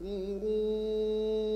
تُمْرُونَ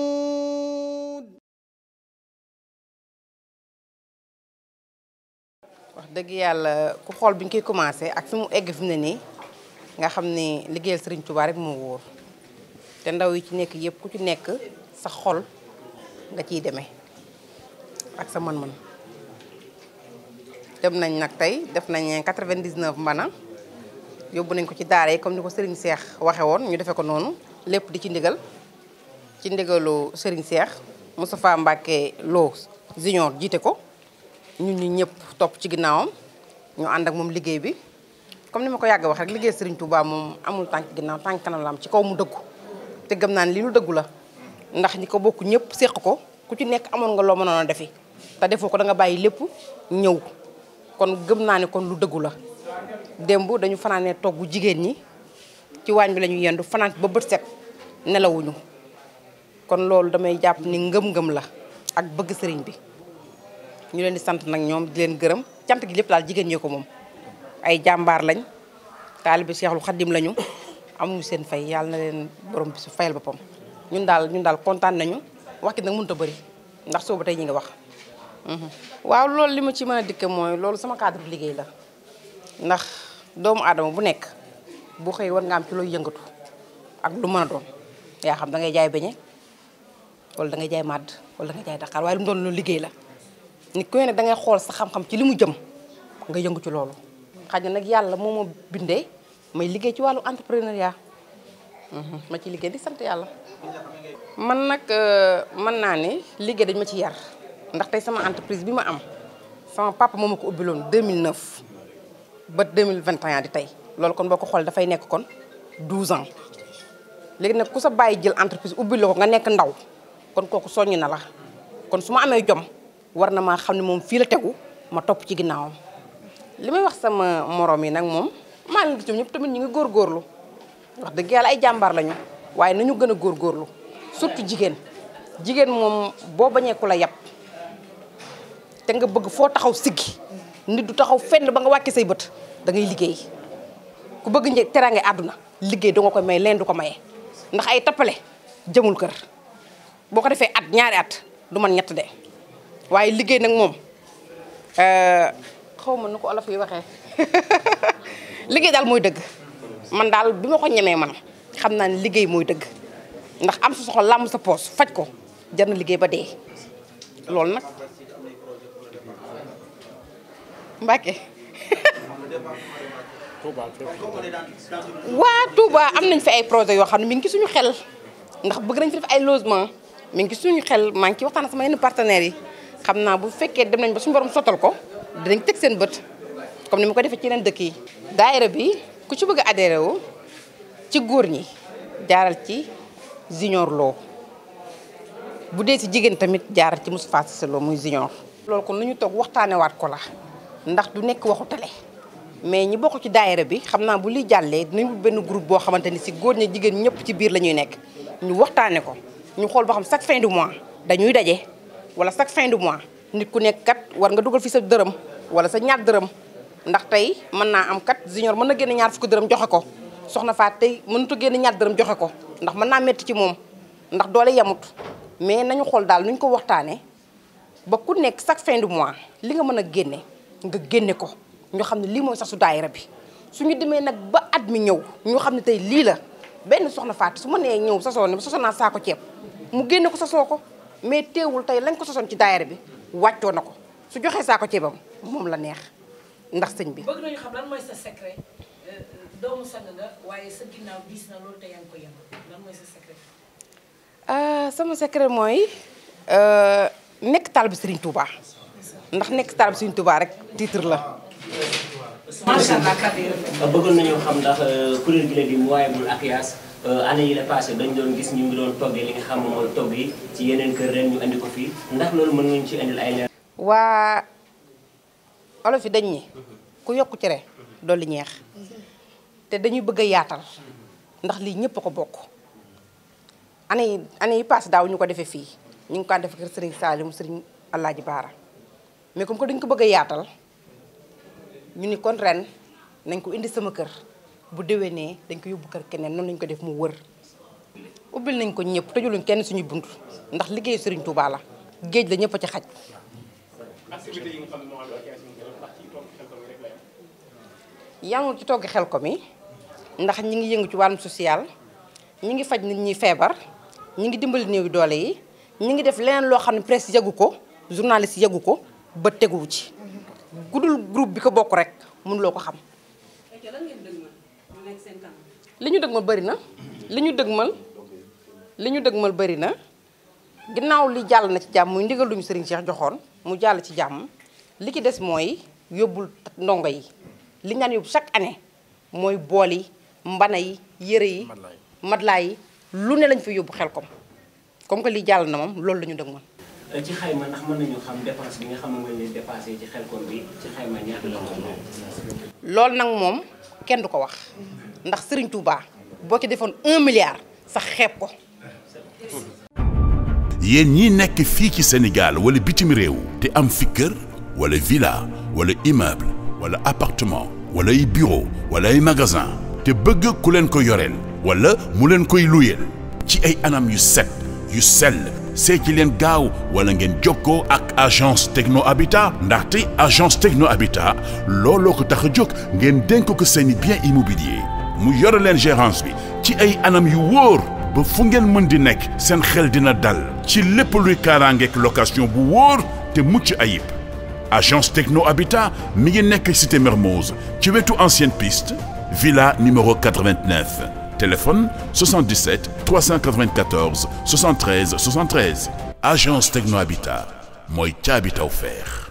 dëgg yàlla ku xool bi ñu koy commencé ak fi mu egg fi ne nii nga xam ne liggéeyal Serigne Touba rek moo wóor te ndaw yi ci nekk yëpp ku ci nekk sa xol nga ciy deme ak sa man mën dem nañ nag tey def nañ 99 mbana yóbbu nañ ko ci daara yi comme ni ko Serigne Cheikh waxe woon ñu defee ko noonu lépp di ci ndigal ci ndigalu Serigne Cheikh Moustapha Mbacké loo junior jiite ko. ñun ñi ñëpp topp ci ginnaawam ñu ànd ak moom liggéey bi comme ni ma ko yàgg wax rek liggéey Serigne Touba moom amul tànk ginnaaw tànk kanam la am ci kaw mu dëggu te gëm naa ne li lu dëggu la ndax ñi ko bokk ñëpp séq ko ku ci nekk amoon nga loo mënoon a defi te defoo ko danga bàyyi lépp ñëw kon gëm naa ne kon lu dëggu la démb dañu fanaanee toggu jigéen ñi ci waañ bi lañu yendu fanaan ba bët set nelawuñu kon loolu damay jàpp ni ngëm-ngëm la ak bëgg sëriñ bi ñu leen di sant nag ñoom di leen gërëm cant gi lépp daal jigéen ñee ko moom ay jàmbaar lañ taalibi Seexul Xadim lañu amuñu seen fay yàlla na leen borom bi su fayal boppam ñun daal ñun daal kontaan nañu wax nag mënut a ndax sooba tey ñi nga wax mhm. waaw loolu li ma ci mën a dikk mooy loolu sama cadre liggéey la ndax doomu aadama bu nekk bu xëy war nga am ci looy yëngatu ak lu mën a doon yaa xam dangay jaay beñe wala da ngay jaay màdd wala da ngay jaay daqaar waaye lu mu doon lu liggéey la nit ku ne dangay xool sa xam-xam ci li mu jëm nga yëngu ci loolu. xaj na nag yàlla moo ma bindee may liggéey ci wàllu entrepreneuriat mhm, ma ci liggéey di sant yàlla. man nag euh, mën naa ne liggéey dañ ma ci yar ndax tey sama entreprise bi ma am sama papa moo ma ko ubbiloon 2009 ba 2021 di tey loolu kon boo ko xool dafay nekk kon 12 ans léegi nag ku sa bàyyi jël entreprise ubbil la ko nga nekk ndaw kon kooku soññ na la kon su ma amee jom. war na maa xam ne moom fii la tegu ma topp ci ginnaawam li may wax sama morom yi nag moom maa leen gis ñëpp tamit ñu ngi góorgóorlu wax dëgg yàlla ay jàmbaar lañu waaye nañu gën a góorgóorlu surtout jigéen jigéen moom boo bañee ku la yàpp te nga bëgg foo taxaw siggi nit du taxaw fenn ba nga wàcce say bët da liggéey ku bëgg një teraange àdduna liggéey du nga koy may leen du ko maye ndax ay tappale jëmul kër boo ko defee at ñaari at du man ñett de waaye liggéey nag moom euh, xaw ma nu ko olof yi waxee liggéey daal mooy dëgg man daal bi ma ko ñemee man xam naa ne liggéey mooy dëgg ndax am su soxo làmb sa poos faj ko jar na liggéey ba dee loolu nag Mbàkke waa Touba am nañ fi ay projet yoo xam ne mi ngi ci suñu xel ndax bëgg nañ fi def ay logement mi ngi ci suñu xel maa ngi ci waxtaan sama yenn partenaires yi xam naa bu fekkee dem nañ ba suñu borom sottal ko dinañ teg seen bët comme ni ma ko defee ci yeneen dëkk yi. daayira bi ku ci bëgg a adhéré ci góor ñi jaaral ci junior loo bu dee ci jigéen tamit jaaral ci Moustapha Cissé Lo muy junior. loolu kon lu ñu toog waxtaanewaat ko la ndax du nekk waxu tale mais ñi bokk ci daayira bi xam naa bu li jàllee dinañu benn groupe boo xamante ni si góor ñi jigéen ñëpp ci biir la ñuy nekk ñu waxtaane ko ñu xool ba xam chaque fin du mois dañuy daje. wala chaque fin du mois nit ku nekk kat war nga dugal fi sa dërëm wala sa ñaar dërëm ndax tey mën naa am kat junior mën na génne ñaar fukki dërëm joxe ko soxna Fatou tey mënut a génn ñaar joxe ko ndax mën naa métti ci moom ndax doole yamut mais nañu xool daal nuñ ko waxtaanee ba ku nekk chaque fin du mois li nga mën a génne nga génne ko ñu xam ne lii mooy sasu su bi su ñu demee nag ba at mi ñëw ñu xam ne tey lii la benn soxna Fatou su ma nee ñëw sasoo ne sasoo naa saako ceeb mu génne ko sasoo ko mais teewul tey lañ ko sosoon ci daayira bi wàccoo na ko su joxee saako ceebam moom la neex ndax sëñ bi. bëgg nañu xam sa secret euh, waaye sa ginnaaw gis euh, sama secret mooy euh, nekk taal bi Serigne Touba ndax nekk taal bi Serigne Touba rek titre la. macha allah Euh, année yi la passé dañ doon gis ñu ngi doon toggee li nga xam mooy togg yi ci yeneen kër ren ñu andi ko fii ndax loolu mën ngeen ci andil ay leer waa olof yi dañ ñi ku yokk cere doo dolli ñeex te dañuy bëgg a yaatal ndax lii ñëpp ko bokk année yi année yi passé ñu ko defee fii ñu ngi ko daan def kër Serigne Saliou Serigne Alaaji Baara mais comme que dañ ko bëgg a yaatal ñu ni kon ren nañ ko indi sama kër bu déwénee dañ ko yóbbu kër keneen noonu lañ ko def mu wër ubbil nañ ko ñëpp tëjuluñ kenn suñu bunt ndax liggéeyu sëriñ Touba géej la ñëpp a ci xaj. yamul ci togg xel ko mi ndax ñi ngi yëngu ci wàllum social ñi ngi faj nit ñi feebar ñi ngi dimbali néewi doole yi ñi ngi def leneen loo xam ne presse yëgu ko journaliste yëgu ko ba teguwu ci. gudul groupe bi ko bokk rek mënuloo ko xam. li ñu ma bari na li ñu ma li ñu dëgg dëgmal bari na ginnaaw li jàll na ci jàmm muy ndigal luñu Serigne seex joxoon mu jàll ci jàmm li ci des mooy yóbbul ndongo yi li ñaan yóbbu chaque année mooy bool yi mbana yi yëre yi matelas lu ne lañ fi yóbbu Xelcom comme que lii jàll na moom loolu lañu ñu dëgmal ci xayma ndax nag moom kenn du ko wax ndax Serigne Touba boo ci defoon un milliard sax xeeb ko. yéen ñii nekk fii ci Sénégal wala bitim réew te am fi kër wala villa wala immeuble wala appartement wala ay bureau wala ay magasin te bëgg ku leen ko yoreel wala mu leen koy luyeel ci ay anam yu set yu sell see leen gaaw wala ngeen jóg jokkoo ak agence techno habitat ndaxte agence techno habitat looloo ko tax a jóg ngeen dénk ko seeni bien immobilier mu yore leen gérance bi ci ay anam yu wóor ba fu ngeen mën di nekk seen xel di dal ci lépp luy kaaraangeek location bu wóor te mucc ayib agence techno habitat mi ngi nekk cité Mermoz ci wetu ancienne piste villa numéro 89 téléphone 77 394 73 73 agence techno habitat mooy ca habitat offert